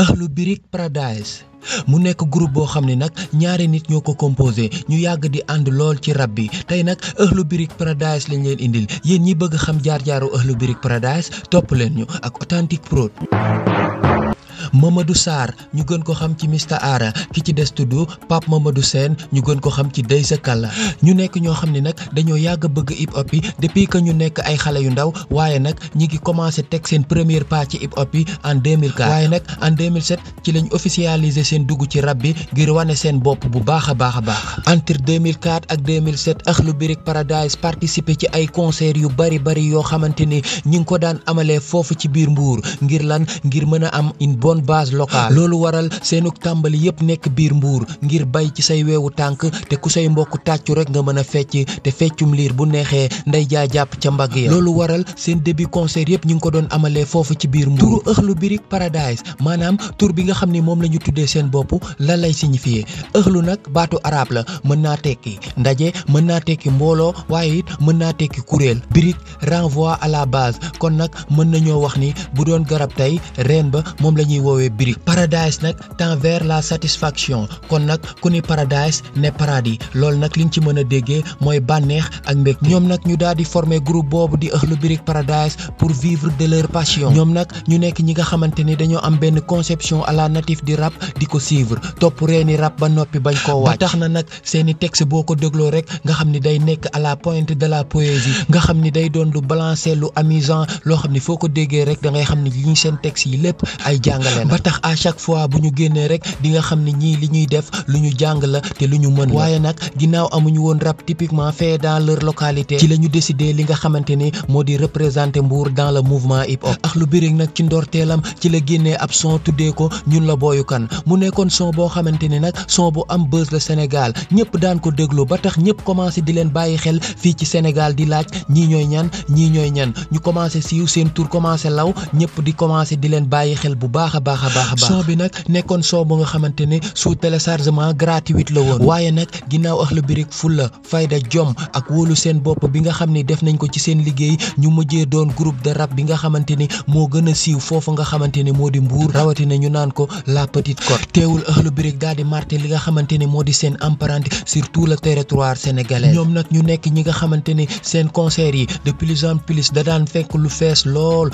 Akhlou Brick Paradise mu nekk groupe boo xam ne nag ñaari nit ñoo ko composé ñu yàgg di ànd lool ci rab bi tey nag Akhlou Brick Paradise lañ leen indil yéen ñi bëgg xam jaar jaaru Akhlou Brick Paradise topp leen ñu ak Authentique Prod Mamadou Sarr ñu gën ko xam ci Mista Ara ki ci des tudd Pape du Sène ñu gën ko xam ci Deysa la ñu nekk ñoo xam ne nag dañoo yàgg bëgg hip hop yi depuis que ñu nekk ay xale yu ndaw waaye nag ñi ngi commencé teg seen premier pas ci hip hop yi en 2004 waaye nag en 2007 ci lañ officialisé seen dugg ci rab bi ngir wane seen bopp bu baax a baax a baax entre 2004 ak 2007 Akhlou Brick Paradise participé ci ay concert yu bari bari yoo xamante ni ñi ngi ko daan amalee foofu ci biir Mbour ngir lan ngir mën a am une bonne doon base locale loolu waral seenu tàmbali yëpp nekk biir mbuur ngir bay ci say weewu tànk te ku say mbokk tàccu rek nga mën a fecc te feccum liir bu neexee nday jaa jàpp ca mbagg ya loolu waral seen début concert yëpp ñu ngi ko doon amalee foofu ci biir mbuur turu ëxlu birik paradise maanaam tur bi nga xam ni moom la ñu tuddee seen bopp la lay signifier ëxlu nag baatu araab la mën naa tekki ndaje mën naa tekki mbooloo waaye mën naa tekki kuréel birik renvoi à woowee birig paradise nag tend vers la satisfaction kon nag ku ni paradise ne paradis loolu nag liñ ci mën a déggee mooy bànneex ak mbég ñoom nag ñu daal di former groupe boobu di lu birig paradise pour vivre de leur passion ñoom nag ñu nekk ñi nga xamante ni dañoo am benn conception à la natif di rap di ko suivre topp reeni rap ba noppi bañ koo waaj ba tax na nag seeni texte boo ko dégloo rek nga xam ni day nekk à la pointe de la poésie nga xam ni day doon lu balancer lu amusant loo xam ni foo ko déggee rek da ngay xam ni li ñu seen texte yi lépp ay jàngale keneen ba tax à chaque fois bu ñu génnee rek di nga xam ne ñii li ñuy def lu ñu jàng la te lu ñu mën waaye nag ginnaaw amuñu woon rap typiquement fait dans leur localité ci la ñu décidé li nga xamante ni moo di représenter Mbour dans la mouvement hip hop lu Brick nag ci ndorteelam ci la génnee ab son tuddee ko ñun la booyu kan mu nekkoon son boo xamante ni nag son bu am buzz la Sénégal ñëpp daan ko déglu ba tax ñëpp commencé di leen bàyyi xel fii ci Sénégal di laaj ñii ñooy ñan ñii ñooy ñan ñu commencé siiw commencé law baax a baax a baax soo bi nag nekkoon soo bu nga xamante ne sous téléchargement gratuite la woon waaye nag ginnaaw Akhlou Brick fulla fayda jom ak wóolu seen bopp bi nga xam ni def nañ ko ci seen liggéey ñu mujjee doon groupe de rap bi nga xamante ni moo gën a siiw foofu nga xamante ne moo di mbuur rawatina ñu naan ko la petite côte teewul Akhlou Brick daal di marqué li nga xamante ne moo di seen empreinte surtout tout le territoire sénégalais ñoom nag ñu nekk ñi nga xamante ni seen concert yi de plus en plus daan fekk lu fees lool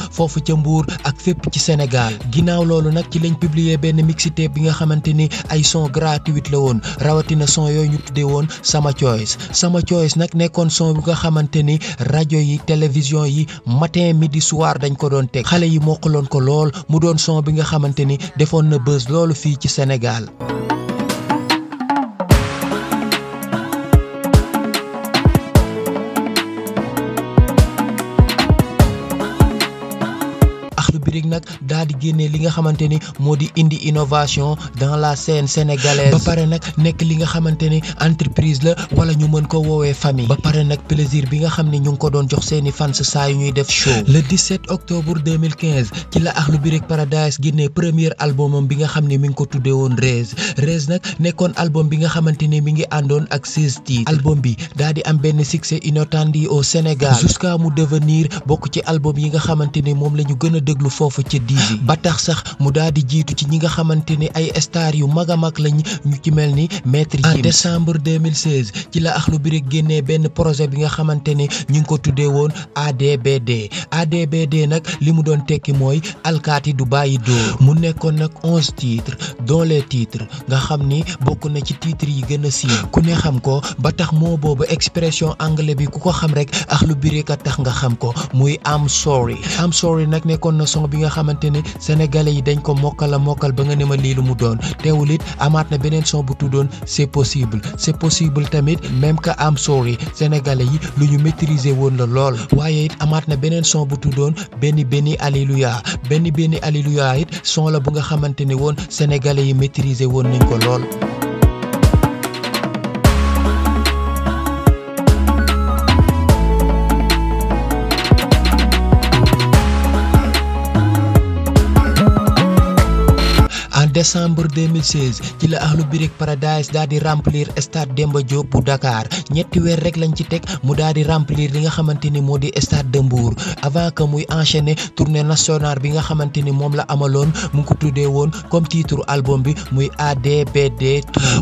loolu nag ci lañ publier benn mixtape bi nga xamante ni ay son gratuite la woon rawatina son yooyu ñu tuddee woon sama choice sama choice nag nekkoon son bi nga xamante ni rajo yi télévision yi matin midi soir dañ ko doon teg xale yi mokkaloon ko lool mu doon son bi nga xamante ni defoon na buzz loolu fii ci Sénégal. Akhlou Brick nag daal di génne li nga xamante ni moo di indi innovation dans la scène sénégalaise ba pare nag nekk li nga xamante ni entreprise la wala ñu mën ko woowee famille ba pare nag plaisir bi nga xam ne ñu ngi ko doon jox seeni fans saa yu ñuy def show le 17 octobre 2015 ci la Akhlou Brick Paradise génnee premier albumam bi nga xam ne mi ngi ko tuddee woon Rêz Rêz nag nekkoon album bi nga xamante ni mi ngi àndoon ak 16 titres album bi daal di am benn succès inattendu au Sénégal jusqu'à mu devenir bokk ci album yi nga xamante ni moom la ñu gën a lu foofu ca diisi ah. ba tax sax mu daal di jiitu ci ñi nga xamante ni ay star yu mag a mag lañ ñu ci mel ni maître en décembre 2016 ci la lu Brick génnee benn projet bi nga xamante ni ñu ngi ko tuddee woon ADBD ADBD nag li mu doon tekki mooy alkaati du bàyyi dóor mu nekkoon nag onze titres dans les titres nga xamni bokku na ci titre yi gëna si ku ne xam ko ba tax mo bobu expression anglais bi ku ko xam rek ak lu biré ka tax nga xam ko muy am sorry I'm sorry ne kon na song bi nga xamanteni sénégalais yi dañ ko mokal mokal ba nga ne ma lii lu mu doon amat na benen son bu tudon c'est possible c'est possible tamit même que am sorry sénégalais yi lu ñu maîtriser won la lol waye it amat na benen son bu tudon benn beni alléluia benn benn alléluia it son la bu nga xamanteni won sénégalais sénégalais yi maîtriser woon nañ ko lool décembre 2016 ci la Akhlou Brick Paradise daal di remplir stade Demba Diop bu Dakar ñetti weer rek lañ ci teg mu daal di remplir li nga xamante ni moo di stade de avant que muy enchaîner tournée nationale bi nga xamante ni moom la amaloon mu ko tuddee woon comme titre album bi muy ADBD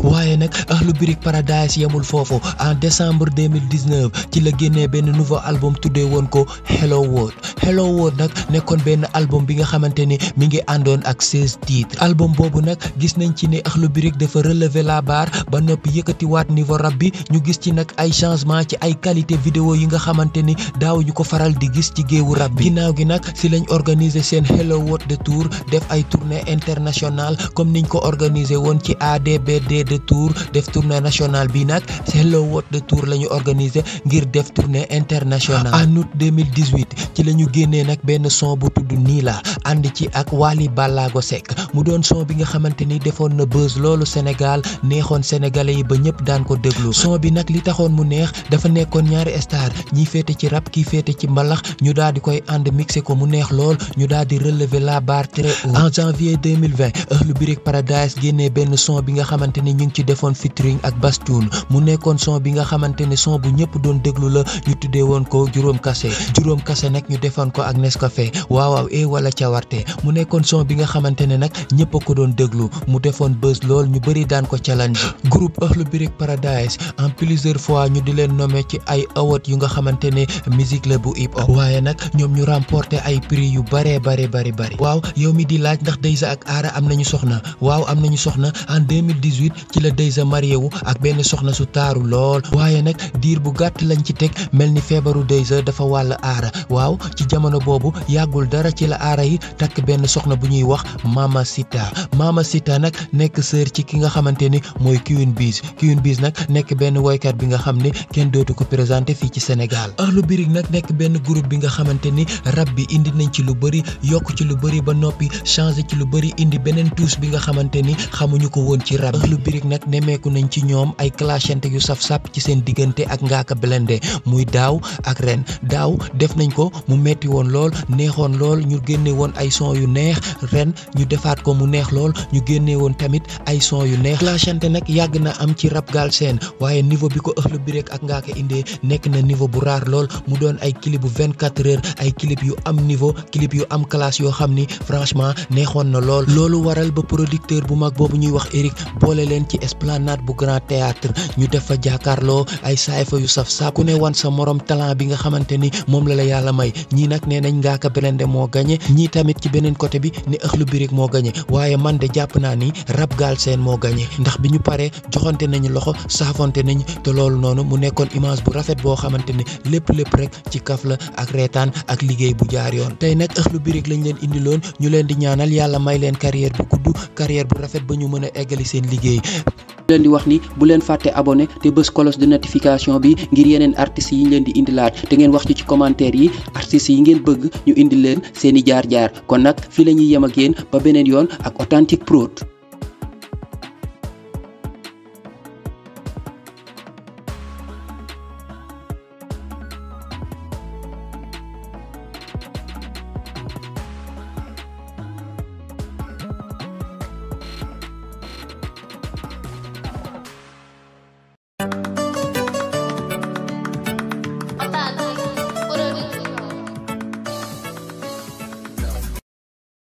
waaye nag Akhlou Brick Paradise yemul foofu en décembre 2019 ci la génnee benn nouveau album tuddee woon ko Hello World hello world nag nekkoon benn album bi nga xamante ni mi ngi àndoon ak 16 titres album boobu nag gis nañ ci ne Akhlou Brick dafa relever la barre ba noppi yëkkatiwaat niveau rab bi ñu gis ci nag ay changement ci ay qualité vidéo yi nga xamante ni daaw ñu ko faral di gis ci géewu rab bi ginnaaw gi nag si lañ organiser seen hello world de tour def ay tournée internationale comme niñ ko organiser woon ci ADBD de tour def tournée nationale bi nag hello world tour la ñu organiser ngir def tournée internationale en août 2018 ci lañu génnee nag benn son bu tudd nii la ànd ci ak Wally Ballago Seck mu doon son bi nga xamante ni defoon na buzz loolu Sénégal neexoon sénégalais yi ba ñëpp daan ko déglu son bi nag li taxoon mu neex dafa nekkoon ñaari star ñi féete ci rap kii féete ci mbalax ñu daal di koy ànd mixé ko mu neex lool ñu daal di relever la barre très haut en janvier 2020 Euhlou Brick Paradise génnee benn son bi nga xamante ni ñu ngi ci defoon featuring ak Bastoun mu nekkoon son bi nga xamante ni son bu ñëpp doon déglu la ñu tuddee woon ko juróom kase juróom kase nag ñu defoon defoon ko ak Nescafé waaw waaw e wala cawarte mu nekkoon son bi nga xamante ne nag ñëpp ko doon déglu mu defoon buzz lool ñu bëri daan ko challenge groupe Akhlou Brick Paradise en plusieurs fois ñu di leen nome ci ay award yu nga xamante ne musique la bu hip hop waaye nag ñoom ñu remporté ay prix yu bare bare bare bare waaw yow mi di laaj ndax Deyza ak Aara am nañu soxna waaw am nañu soxna en 2018 ci la Deyza marié wu ak benn soxna su taaru lool waaye nag diir bu gàtt lañ ci teg mel ni feebaru Deyza dafa wàll jamono boobu yàggul dara ci la aara yi takk benn soxna bu ñuy wax Mama Sita Mama Sita nag nekk sœur ci ki nga xamante ni mooy Queen Biz Queen biis nag nekk benn woykat bi nga xam ne kenn dootu ko présenté fii ci Sénégal lu Brick nag nekk benn groupe bi nga xamante ni rab bi indi nañ ci lu bëri yokk ci lu bëri ba noppi changé ci lu bëri indi beneen tuus bi nga xamante ni xamuñu ko woon ci rab lu Brick nag nemeeku nañ ci ñoom ay clashante yu saf-sap ci seen diggante ak Ngaaka Blindé muy daaw ak ren metti woon lool neexoon lool ñu génne woon ay son yu neex ren ñu defaat ko mu neex lool ñu génne woon tamit ay son yu neex clashante nag yàgg na am ci rap Galsen waaye niveau bi ko Akhlou Brick ak Ngaaka indee nekk na niveau bu raar lool mu doon ay clip bu 24 ay clip yu am niveau clip yu am classe yoo xam ni franchement neexoon na lool loolu waral ba producteur bu mag boobu ñuy wax Eric boole leen ci esplanade bu grand théâtre ñu def fa jàkkaarloo ay saayfa yu saf saf ku ne wan sa moroom talent bi nga xamante ni moom la la yàlla may ñi yi nag nee nañ Ngaaka Blindé moo gagné ñii tamit ci beneen côté bi ne Euchlou Birig moo gagné waaye man de jàpp naa ni Rab seen moo gagné ndax bi ñu paree joxante nañu loxo saafonte nañu te loolu noonu mu nekkoon image bu rafet boo xamante ne lépp lépp rek ci kaf la ak reetaan ak liggéey bu jaar yoon tey nag Euchlou Birig lañ leen indiloon ñu leen di ñaanal yàlla may leen carrière bu gudd carrière bu rafet ba ñu mën a eggali seen liggéey leen di wax ni bu leen fàtte abonné te bés cloche de notification bi ngir yeneen artistes yi leen di indilaat te ngeen wax ci ci commentaire yi artistes yi ngeen bëgg ñu indi leen seeni jaar-jaar kon nag fii la ñuy yem ak yéen ba beneen yoon ak Authentique Prod